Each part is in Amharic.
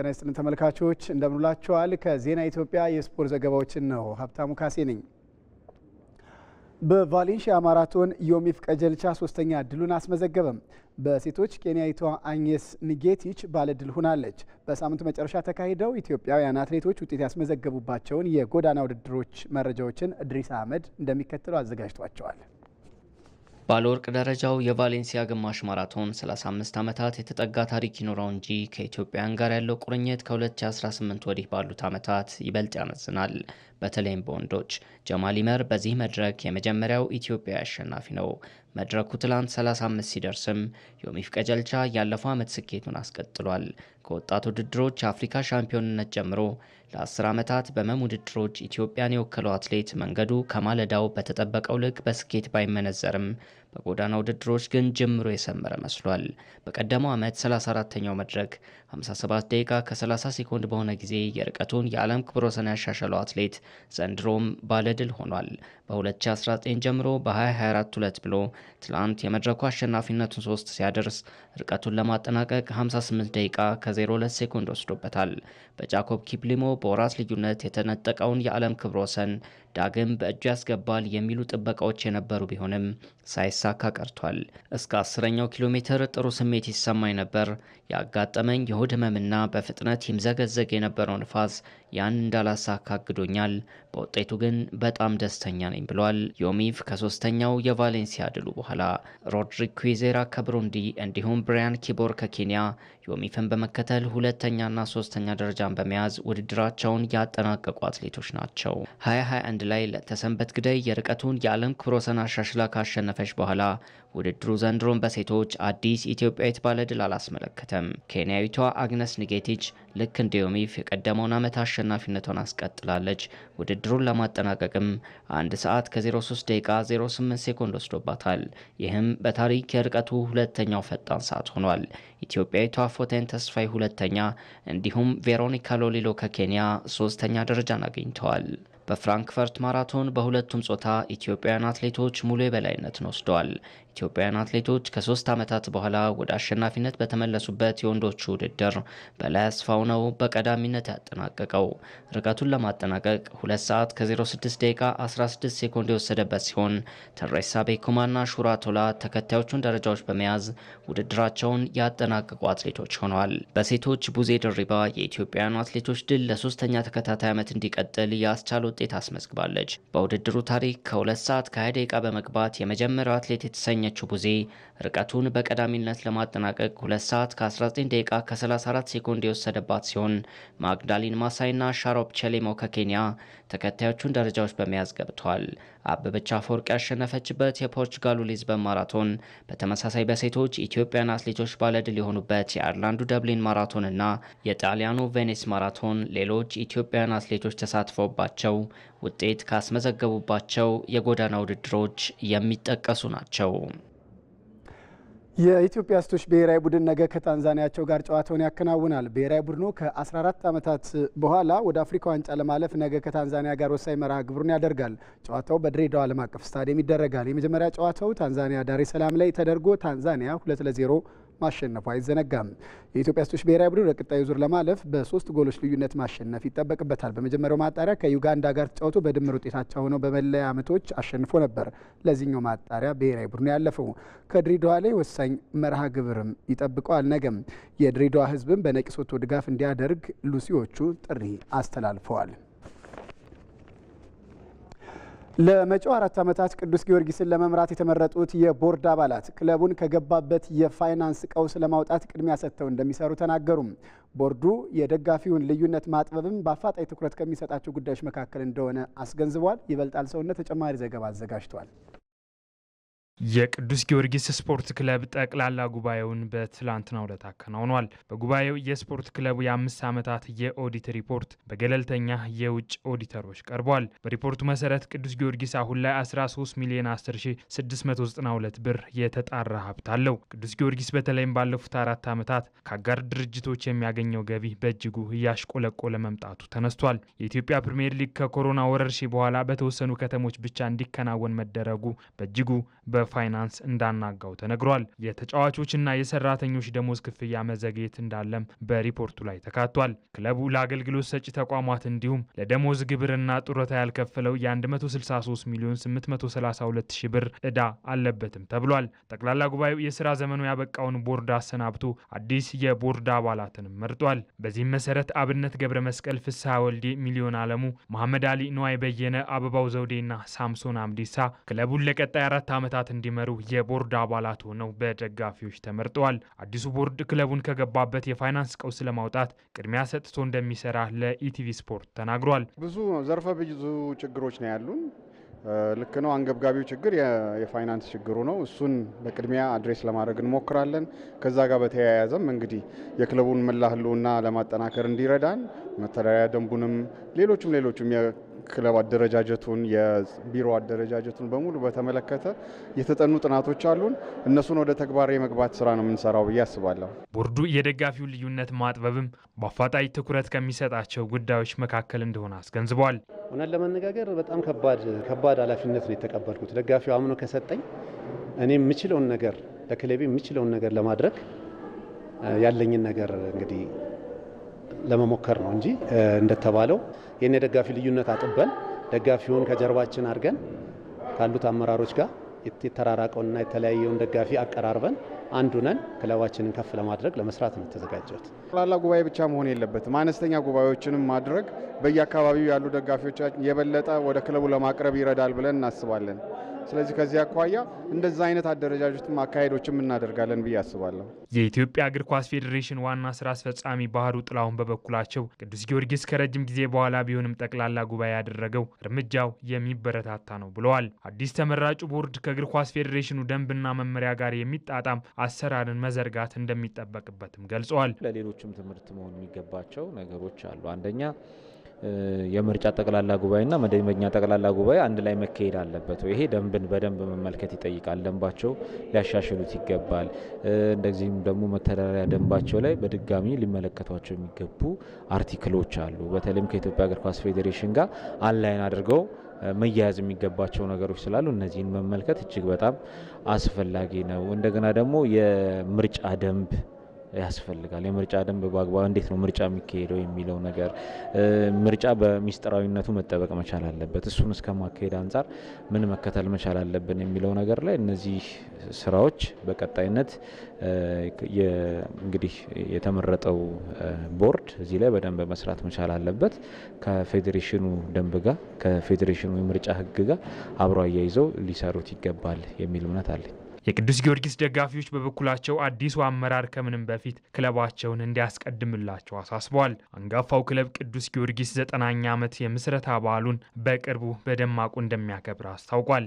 ጤና ይስጥልን ተመልካቾች እንደምንላችኋል። ከዜና ኢትዮጵያ የስፖርት ዘገባዎችን ነው። ሀብታሙ ካሴ ነኝ። በቫሌንሺያ ማራቶን ዮሚፍ ቀጀልቻ ሶስተኛ ድሉን አስመዘገበም። በሴቶች ኬንያዊቷ አኝስ ኒጌቲች ባለድል ሆናለች። በሳምንቱ መጨረሻ ተካሂደው ኢትዮጵያውያን አትሌቶች ውጤት ያስመዘገቡባቸውን የጎዳና ውድድሮች መረጃዎችን ድሪስ አህመድ እንደሚከተለው አዘጋጅቷቸዋል። ባለወርቅ ደረጃው የቫሌንሲያ ግማሽ ማራቶን 35 ዓመታት የተጠጋ ታሪክ ይኖረው እንጂ ከኢትዮጵያውያን ጋር ያለው ቁርኝት ከ2018 ወዲህ ባሉት ዓመታት ይበልጥ ያመዝናል። በተለይም በወንዶች ጀማል ይመር በዚህ መድረክ የመጀመሪያው ኢትዮጵያ አሸናፊ ነው። መድረኩ ትላንት 35 ሲደርስም ዮሚፍ ቀጀልቻ ያለፈው ዓመት ስኬቱን አስቀጥሏል። ከወጣት ውድድሮች የአፍሪካ ሻምፒዮንነት ጀምሮ ለ10 ዓመታት በመም ውድድሮች ኢትዮጵያን የወከለው አትሌት መንገዱ ከማለዳው በተጠበቀው ልክ በስኬት ባይመነዘርም በጎዳና ውድድሮች ግን ጀምሮ የሰመረ መስሏል። በቀደመው ዓመት 34ተኛው መድረክ 57 ደቂቃ ከ30 ሴኮንድ በሆነ ጊዜ የርቀቱን የዓለም ክብረ ወሰን ያሻሸለው አትሌት ዘንድሮም ባለድል ሆኗል። በ2019 ጀምሮ በ2024 ሁለት ብሎ ትላንት የመድረኩ አሸናፊነቱን ሶስት ሲያደርስ ርቀቱን ለማጠናቀቅ 58 ደቂቃ ከ02 ሴኮንድ ወስዶበታል። በጃኮብ ኪፕሊሞ በወራት ልዩነት የተነጠቀውን የዓለም ክብረ ወሰን ዳግም በእጁ ያስገባል የሚሉ ጥበቃዎች የነበሩ ቢሆንም ሳይሳካ ቀርቷል። እስከ አስረኛው ኪሎ ሜትር ጥሩ ስሜት ይሰማኝ ነበር። ያጋጠመኝ የሆድ ህመምና በፍጥነት ይምዘገዘግ የነበረው ንፋስ ያን እንዳላሳካ አግዶኛል። በውጤቱ ግን በጣም ደስተኛ ነኝ ብሏል። ዮሚፍ ከሶስተኛው የቫሌንሲያ ድሉ በኋላ ሮድሪክ ኩዜራ ከብሩንዲ እንዲሁም ብሪያን ኪቦር ከኬንያ ዮሚፍን በመከተል ሁለተኛና ሶስተኛ ደረጃን በመያዝ ውድድራቸውን ያጠናቀቁ አትሌቶች ናቸው። 2021 ላይ ለተሰንበት ግዳይ የርቀቱን የዓለም ክብረ ወሰን አሻሽላ ካሸነፈች በኋላ ውድድሩ ዘንድሮን በሴቶች አዲስ ኢትዮጵያዊት ባለድል አላስመለከተም። ኬንያዊቷ አግነስ ኒጌቲች ልክ እንደ ዮሚፍ የቀደመውን ዓመት አሸናፊነቷን አስቀጥላለች። ውድድሩን ለማጠናቀቅም አንድ ሰዓት ከ03 ደቂቃ 08 ሴኮንድ ወስዶባታል። ይህም በታሪክ የርቀቱ ሁለተኛው ፈጣን ሰዓት ሆኗል። ኢትዮጵያዊቷ ፎቴን ተስፋይ ሁለተኛ፣ እንዲሁም ቬሮኒካ ሎሊሎ ከኬንያ ሶስተኛ ደረጃን አግኝተዋል። በፍራንክፈርት ማራቶን በሁለቱም ጾታ ኢትዮጵያውያን አትሌቶች ሙሉ የበላይነትን ወስደዋል። ኢትዮጵያውያን አትሌቶች ከሶስት ዓመታት በኋላ ወደ አሸናፊነት በተመለሱበት የወንዶቹ ውድድር በላይ አስፋው ነው በቀዳሚነት ያጠናቀቀው። ርቀቱን ለማጠናቀቅ 2 ሰዓት ከ06 ደቂቃ 16 ሴኮንድ የወሰደበት ሲሆን ተሬሳ ቤኩማና ሹራ ቶላ ተከታዮቹን ደረጃዎች በመያዝ ውድድራቸውን ያጠናቀቁ አትሌቶች ሆነዋል። በሴቶች ቡዜ ድሪባ የኢትዮጵያውያኑ አትሌቶች ድል ለሶስተኛ ተከታታይ ዓመት እንዲቀጥል ያስቻሉት ውጤት አስመዝግባለች። በውድድሩ ታሪክ ከሁለት ሰዓት ከ ከ20 ደቂቃ በመግባት የመጀመሪያው አትሌት የተሰኘችው ቡዜ ርቀቱን በቀዳሚነት ለማጠናቀቅ ሁለት ሰዓት ከ19 ደቂቃ ከ34 ሴኮንድ የወሰደባት ሲሆን ማግዳሊን ማሳይና ሻሮፕ ቸሌሞ ከኬንያ ተከታዮቹን ደረጃዎች በመያዝ ገብተዋል። አበበች አፈወርቅ ያሸነፈችበት የፖርቹጋሉ ሊዝበን ማራቶን በተመሳሳይ በሴቶች ኢትዮጵያን አትሌቶች ባለድል የሆኑበት የአይርላንዱ ደብሊን ማራቶንና የጣሊያኑ ቬኔስ ማራቶን ሌሎች ኢትዮጵያን አትሌቶች ተሳትፈውባቸው ውጤት ካስመዘገቡባቸው የጎዳና ውድድሮች የሚጠቀሱ ናቸው። የኢትዮጵያ ሴቶች ብሔራዊ ቡድን ነገ ከታንዛኒያቸው ጋር ጨዋታውን ያከናውናል። ብሔራዊ ቡድኑ ከ14 ዓመታት በኋላ ወደ አፍሪካ ዋንጫ ለማለፍ ነገ ከታንዛኒያ ጋር ወሳኝ መርሃ ግብሩን ያደርጋል። ጨዋታው በድሬዳዋ ዓለም አቀፍ ስታዲየም ይደረጋል። የመጀመሪያ ጨዋታው ታንዛኒያ ዳሬ ሰላም ላይ ተደርጎ ታንዛኒያ 2 ለ0 ማሸነፉ አይዘነጋም። የኢትዮጵያ ሴቶች ብሔራዊ ቡድን ለቀጣዩ ዙር ለማለፍ በሶስት ጎሎች ልዩነት ማሸነፍ ይጠበቅበታል። በመጀመሪያው ማጣሪያ ከዩጋንዳ ጋር ተጫውቶ በድምር ውጤታቸው ሆነው በመለያ ምቶች አሸንፎ ነበር። ለዚህኛው ማጣሪያ ብሔራዊ ቡድኑ ያለፈው ከድሬዳዋ ላይ ወሳኝ መርሃ ግብርም ይጠብቀዋል። ነገም የድሬዳዋ ሕዝብም በነቂስ ወጥቶ ድጋፍ እንዲያደርግ ሉሲዎቹ ጥሪ አስተላልፈዋል። ለመጪው አራት ዓመታት ቅዱስ ጊዮርጊስን ለመምራት የተመረጡት የቦርድ አባላት ክለቡን ከገባበት የፋይናንስ ቀውስ ለማውጣት ቅድሚያ ሰጥተው እንደሚሰሩ ተናገሩም። ቦርዱ የደጋፊውን ልዩነት ማጥበብም በአፋጣኝ ትኩረት ከሚሰጣቸው ጉዳዮች መካከል እንደሆነ አስገንዝቧል። ይበልጣል ሰውነት ተጨማሪ ዘገባ አዘጋጅቷል። የቅዱስ ጊዮርጊስ ስፖርት ክለብ ጠቅላላ ጉባኤውን በትላንትናው ዕለት አከናውኗል። በጉባኤው የስፖርት ክለቡ የአምስት ዓመታት የኦዲት ሪፖርት በገለልተኛ የውጭ ኦዲተሮች ቀርቧል። በሪፖርቱ መሰረት ቅዱስ ጊዮርጊስ አሁን ላይ 13 ሚሊዮን 10692 ብር የተጣራ ሀብት አለው። ቅዱስ ጊዮርጊስ በተለይም ባለፉት አራት ዓመታት ከአጋር ድርጅቶች የሚያገኘው ገቢ በእጅጉ እያሽቆለቆለ መምጣቱ ተነስቷል። የኢትዮጵያ ፕሪምየር ሊግ ከኮሮና ወረርሽኝ በኋላ በተወሰኑ ከተሞች ብቻ እንዲከናወን መደረጉ በእጅጉ በ በፋይናንስ እንዳናጋው ተነግሯል። የተጫዋቾችና የሰራተኞች ደሞዝ ክፍያ መዘግየት እንዳለም በሪፖርቱ ላይ ተካቷል። ክለቡ ለአገልግሎት ሰጪ ተቋማት እንዲሁም ለደሞዝ ግብርና ጡረታ ያልከፈለው የ163 ሚሊዮን 832 ብር እዳ አለበትም ተብሏል። ጠቅላላ ጉባኤው የስራ ዘመኑ ያበቃውን ቦርድ አሰናብቶ አዲስ የቦርድ አባላትንም መርጧል። በዚህም መሰረት አብነት ገብረ መስቀል፣ ፍስሐ ወልዴ፣ ሚሊዮን አለሙ፣ መሐመድ አሊ፣ ንዋይ በየነ፣ አበባው ዘውዴና ሳምሶን አምዲሳ ክለቡን ለቀጣይ አራት ዓመታት እንዲመሩ የቦርድ አባላት ሆነው በደጋፊዎች ተመርጠዋል። አዲሱ ቦርድ ክለቡን ከገባበት የፋይናንስ ቀውስ ለማውጣት ቅድሚያ ሰጥቶ እንደሚሰራ ለኢቲቪ ስፖርት ተናግሯል። ብዙ ዘርፈ ብዙ ችግሮች ነው ያሉን። ልክ ነው። አንገብጋቢው ችግር የፋይናንስ ችግሩ ነው። እሱን በቅድሚያ አድሬስ ለማድረግ እንሞክራለን። ከዛ ጋር በተያያዘም እንግዲህ የክለቡን መላ ህልውና ለማጠናከር እንዲረዳን መተዳደሪያ ደንቡንም ሌሎችም ሌሎችም የክለብ አደረጃጀቱን የቢሮ አደረጃጀቱን በሙሉ በተመለከተ የተጠኑ ጥናቶች አሉን። እነሱን ወደ ተግባር የመግባት ስራ ነው የምንሰራው ብዬ አስባለሁ። ቦርዱ የደጋፊው ልዩነት ማጥበብም በአፋጣኝ ትኩረት ከሚሰጣቸው ጉዳዮች መካከል እንደሆነ አስገንዝቧል። እውነት ለመነጋገር በጣም ከባድ ከባድ ኃላፊነት ነው የተቀበልኩት። ደጋፊው አምኖ ከሰጠኝ እኔ የምችለውን ነገር ለክለቤ የምችለውን ነገር ለማድረግ ያለኝን ነገር እንግዲህ ለመሞከር ነው እንጂ እንደተባለው ይህን የደጋፊ ልዩነት አጥበን ደጋፊውን ከጀርባችን አድርገን ካሉት አመራሮች ጋር የተራራቀውንና የተለያየውን ደጋፊ አቀራርበን አንዱነን ክለባችንን ከፍ ለማድረግ ለመስራት ነው የተዘጋጀሁት። ጠቅላላ ጉባኤ ብቻ መሆን የለበትም። አነስተኛ ጉባኤዎችንም ማድረግ በየአካባቢው ያሉ ደጋፊዎቻችን የበለጠ ወደ ክለቡ ለማቅረብ ይረዳል ብለን እናስባለን። ስለዚህ ከዚህ አኳያ እንደዚ አይነት አደረጃጀት አካሄዶችም እናደርጋለን ብዬ አስባለሁ። የኢትዮጵያ እግር ኳስ ፌዴሬሽን ዋና ስራ አስፈጻሚ ባህሩ ጥላሁን በበኩላቸው ቅዱስ ጊዮርጊስ ከረጅም ጊዜ በኋላ ቢሆንም ጠቅላላ ጉባኤ ያደረገው እርምጃው የሚበረታታ ነው ብለዋል። አዲስ ተመራጩ ቦርድ ከእግር ኳስ ፌዴሬሽኑ ደንብና መመሪያ ጋር የሚጣጣም አሰራርን መዘርጋት እንደሚጠበቅበትም ገልጸዋል። ለሌሎችም ትምህርት መሆን የሚገባቸው ነገሮች አሉ። አንደኛ የምርጫ ጠቅላላ ጉባኤና መደበኛ ጠቅላላ ጉባኤ አንድ ላይ መካሄድ አለበት። ይሄ ደንብን በደንብ መመልከት ይጠይቃል። ደንባቸው ሊያሻሽሉት ይገባል። እንደዚህም ደግሞ መተዳደሪያ ደንባቸው ላይ በድጋሚ ሊመለከቷቸው የሚገቡ አርቲክሎች አሉ። በተለይም ከኢትዮጵያ እግር ኳስ ፌዴሬሽን ጋር አንላይን አድርገው መያያዝ የሚገባቸው ነገሮች ስላሉ እነዚህን መመልከት እጅግ በጣም አስፈላጊ ነው። እንደገና ደግሞ የምርጫ ደንብ ያስፈልጋል። የምርጫ ደንብ በአግባብ እንዴት ነው ምርጫ የሚካሄደው የሚለው ነገር ምርጫ በሚስጥራዊነቱ መጠበቅ መቻል አለበት። እሱን እስከ ማካሄድ አንጻር ምን መከተል መቻል አለብን የሚለው ነገር ላይ እነዚህ ስራዎች በቀጣይነት እንግዲህ የተመረጠው ቦርድ እዚህ ላይ በደንብ መስራት መቻል አለበት። ከፌዴሬሽኑ ደንብ ጋር ከፌዴሬሽኑ የምርጫ ህግ ጋር አብሮ አያይዘው ሊሰሩት ይገባል የሚል እምነት አለኝ። የቅዱስ ጊዮርጊስ ደጋፊዎች በበኩላቸው አዲሱ አመራር ከምንም በፊት ክለባቸውን እንዲያስቀድምላቸው አሳስበዋል። አንጋፋው ክለብ ቅዱስ ጊዮርጊስ ዘጠናኛ ዓመት የምስረታ በዓሉን በቅርቡ በደማቁ እንደሚያከብር አስታውቋል።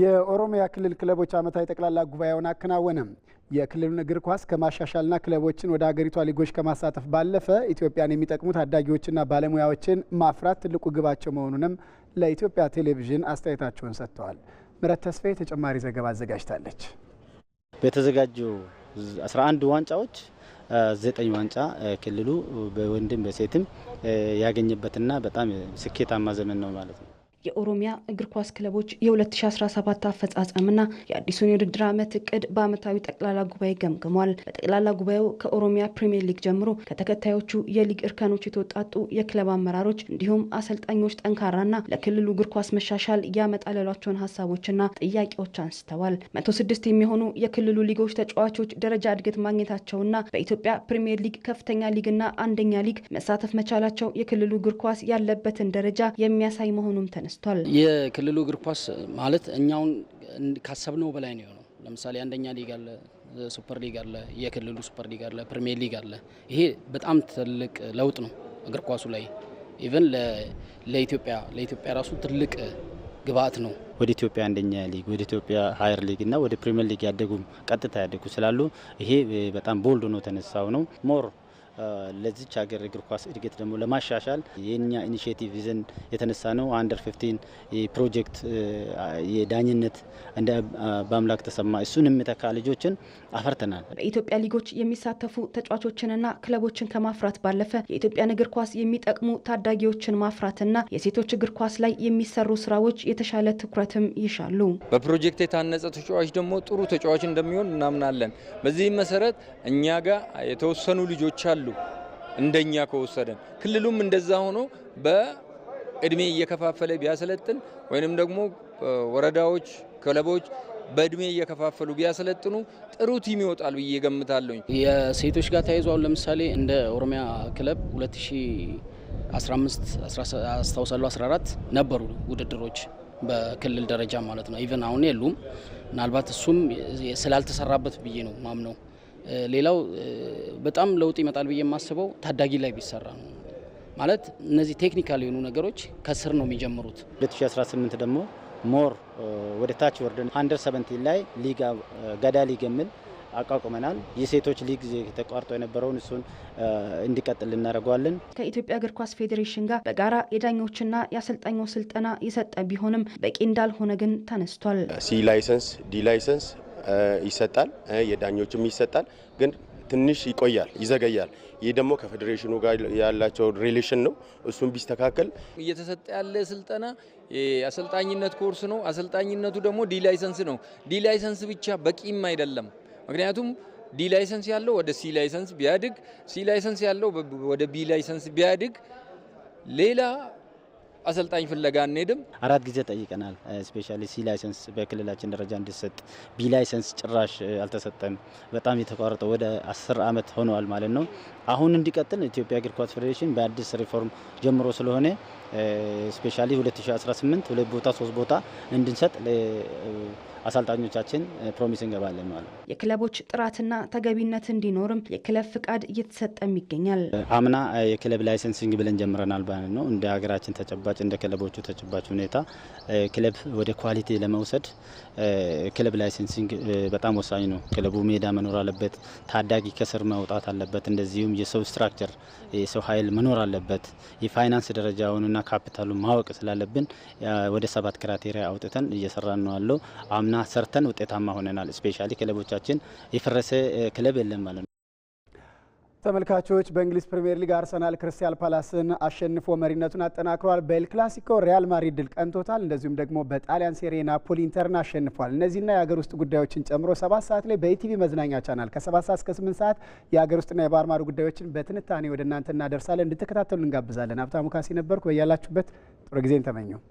የኦሮሚያ ክልል ክለቦች ዓመታዊ ጠቅላላ ጉባኤውን አከናወነም። የክልሉን እግር ኳስ ከማሻሻልና ክለቦችን ወደ ሀገሪቷ ሊጎች ከማሳተፍ ባለፈ ኢትዮጵያን የሚጠቅሙ ታዳጊዎችና ባለሙያዎችን ማፍራት ትልቁ ግባቸው መሆኑንም ለኢትዮጵያ ቴሌቪዥን አስተያየታቸውን ሰጥተዋል። ምረት ተስፋዬ ተጨማሪ ዘገባ አዘጋጅታለች። በተዘጋጁ 11 ዋንጫዎች ዘጠኝ ዋንጫ ክልሉ በወንድም በሴትም ያገኘበትና በጣም ስኬታማ ዘመን ነው ማለት ነው። የኦሮሚያ እግር ኳስ ክለቦች የ2017 አፈጻጸምና የአዲሱን የውድድር ዓመት እቅድ በዓመታዊ ጠቅላላ ጉባኤ ገምግሟል። በጠቅላላ ጉባኤው ከኦሮሚያ ፕሪምየር ሊግ ጀምሮ ከተከታዮቹ የሊግ እርከኖች የተወጣጡ የክለብ አመራሮች እንዲሁም አሰልጣኞች ጠንካራና ለክልሉ እግር ኳስ መሻሻል ያመጣል ያሏቸውን ሀሳቦችና ጥያቄዎች አንስተዋል። ስድስት የሚሆኑ የክልሉ ሊጎች ተጫዋቾች ደረጃ እድገት ማግኘታቸውና በኢትዮጵያ ፕሪምየር ሊግ ከፍተኛ ሊግና አንደኛ ሊግ መሳተፍ መቻላቸው የክልሉ እግር ኳስ ያለበትን ደረጃ የሚያሳይ መሆኑም ተነስ ተነስቷል። የክልሉ እግር ኳስ ማለት እኛውን ካሰብነው በላይ ነው የሆነው። ለምሳሌ አንደኛ ሊግ አለ፣ ሱፐር ሊግ አለ፣ የክልሉ ሱፐር ሊግ አለ፣ ፕሪሚየር ሊግ አለ። ይሄ በጣም ትልቅ ለውጥ ነው እግር ኳሱ ላይ ኢቨን ለኢትዮጵያ ለኢትዮጵያ ራሱ ትልቅ ግብአት ነው። ወደ ኢትዮጵያ አንደኛ ሊግ ወደ ኢትዮጵያ ሀየር ሊግ እና ወደ ፕሪሚየር ሊግ ያደጉ ቀጥታ ያደጉ ስላሉ ይሄ በጣም ቦልድ ነው ተነሳው ነው ሞር ለዚች ሀገር እግር ኳስ እድገት ደግሞ ለማሻሻል የኛ ኢኒሽቲቭ ይዘን የተነሳ ነው። አንደር ፊፍቲን የፕሮጀክት የዳኝነት እንደ በአምላክ ተሰማ እሱን የሚተካ ልጆችን አፈርተናል። በኢትዮጵያ ሊጎች የሚሳተፉ ተጫዋቾችንና ክለቦችን ከማፍራት ባለፈ የኢትዮጵያን እግር ኳስ የሚጠቅሙ ታዳጊዎችን ማፍራትና የሴቶች እግር ኳስ ላይ የሚሰሩ ስራዎች የተሻለ ትኩረትም ይሻሉ። በፕሮጀክት የታነጸ ተጫዋች ደግሞ ጥሩ ተጫዋች እንደሚሆን እናምናለን። በዚህም መሰረት እኛ ጋር የተወሰኑ ልጆች አሉ ይችላሉ። እንደኛ ከወሰደን ክልሉም እንደዛ ሆኖ በእድሜ እየከፋፈለ ቢያሰለጥን ወይንም ደግሞ ወረዳዎች፣ ክለቦች በእድሜ እየከፋፈሉ ቢያሰለጥኑ ጥሩ ቲም ይወጣል ብዬ ገምታለኝ። የሴቶች ጋር ተያይዞ አሁን ለምሳሌ እንደ ኦሮሚያ ክለብ 2015 አስታውሳለሁ 14 ነበሩ ውድድሮች በክልል ደረጃ ማለት ነው። ኢቨን አሁን የሉም። ምናልባት እሱም ስላልተሰራበት ብዬ ነው ማምነው። ሌላው በጣም ለውጥ ይመጣል ብዬ የማስበው ታዳጊ ላይ ቢሰራ ነው። ማለት እነዚህ ቴክኒካል የሆኑ ነገሮች ከስር ነው የሚጀምሩት። 2018 ደግሞ ሞር ወደ ታች ወርደን አንደር 17 ላይ ሊግ ገዳ ሊግ የሚል አቋቁመናል። የሴቶች ሊግ ተቋርጦ የነበረውን እሱን እንዲቀጥል እናደርገዋለን። ከኢትዮጵያ እግር ኳስ ፌዴሬሽን ጋር በጋራ የዳኞችና የአሰልጣኞች ስልጠና የሰጠ ቢሆንም በቂ እንዳልሆነ ግን ተነስቷል። ሲ ላይሰንስ፣ ዲ ላይሰንስ ይሰጣል፣ የዳኞችም ይሰጣል። ግን ትንሽ ይቆያል፣ ይዘገያል። ይህ ደግሞ ከፌዴሬሽኑ ጋር ያላቸው ሪሌሽን ነው። እሱም ቢስተካከል እየተሰጠ ያለ ስልጠና አሰልጣኝነት ኮርስ ነው። አሰልጣኝነቱ ደግሞ ዲ ላይሰንስ ነው። ዲ ላይሰንስ ብቻ በቂም አይደለም። ምክንያቱም ዲ ላይሰንስ ያለው ወደ ሲ ላይሰንስ ቢያድግ፣ ሲ ላይሰንስ ያለው ወደ ቢ ላይሰንስ ቢያድግ ሌላ አሰልጣኝ ፍለጋ እንሄድም አራት ጊዜ ጠይቀናል። ስፔሻሊ ሲ ላይሰንስ በክልላችን ደረጃ እንዲሰጥ፣ ቢ ላይሰንስ ጭራሽ አልተሰጠም። በጣም የተቋረጠ ወደ አስር አመት ሆነዋል ማለት ነው። አሁን እንዲቀጥል ኢትዮጵያ እግር ኳስ ፌዴሬሽን በአዲስ ሪፎርም ጀምሮ ስለሆነ ስፔሻሊ 2018 ሁለት ቦታ ሶስት ቦታ እንድንሰጥ አሰልጣኞቻችን ፕሮሚስ እንገባለን ማለት ነው። የክለቦች ጥራትና ተገቢነት እንዲኖርም የክለብ ፍቃድ እየተሰጠም ይገኛል። አምና የክለብ ላይሰንሲንግ ብለን ጀምረናል ማለት ነው። እንደ ሀገራችን ተጨባጭ እንደ ክለቦቹ ተጨባጭ ሁኔታ ክለብ ወደ ኳሊቲ ለመውሰድ ክለብ ላይሰንሲንግ በጣም ወሳኝ ነው። ክለቡ ሜዳ መኖር አለበት። ታዳጊ ከስር መውጣት አለበት። እንደዚሁም የሰው ስትራክቸር የሰው ኃይል መኖር አለበት። የፋይናንስ ደረጃውንና ካፒታሉን ማወቅ ስላለብን ወደ ሰባት ክራቴሪያ አውጥተን እየሰራ ነው ያለው አምና እና ሰርተን ውጤታማ ሆነናል። ስፔሻሊ ክለቦቻችን የፈረሰ ክለብ የለም ማለት ነው። ተመልካቾች በእንግሊዝ ፕሪምየር ሊግ አርሰናል ክሪስታል ፓላስን አሸንፎ መሪነቱን አጠናክሯል። በኤል ክላሲኮ ሪያል ማድሪድ ድል ቀንቶታል። እንደዚሁም ደግሞ በጣሊያን ሴሪ ናፖሊ ኢንተርን አሸንፏል። እነዚህና የሀገር ውስጥ ጉዳዮችን ጨምሮ ሰባት ሰዓት ላይ በኢቲቪ መዝናኛ ቻናል ከሰባት ሰዓት እስከ ስምንት ሰዓት የሀገር ውስጥና የባህር ማዶ ጉዳዮችን በትንታኔ ወደ እናንተ እናደርሳለን። እንድትከታተሉ እንጋብዛለን። ሀብታሙ ካሴ ነበርኩ። በያላችሁበት ጥሩ ጊዜን ተመኘው።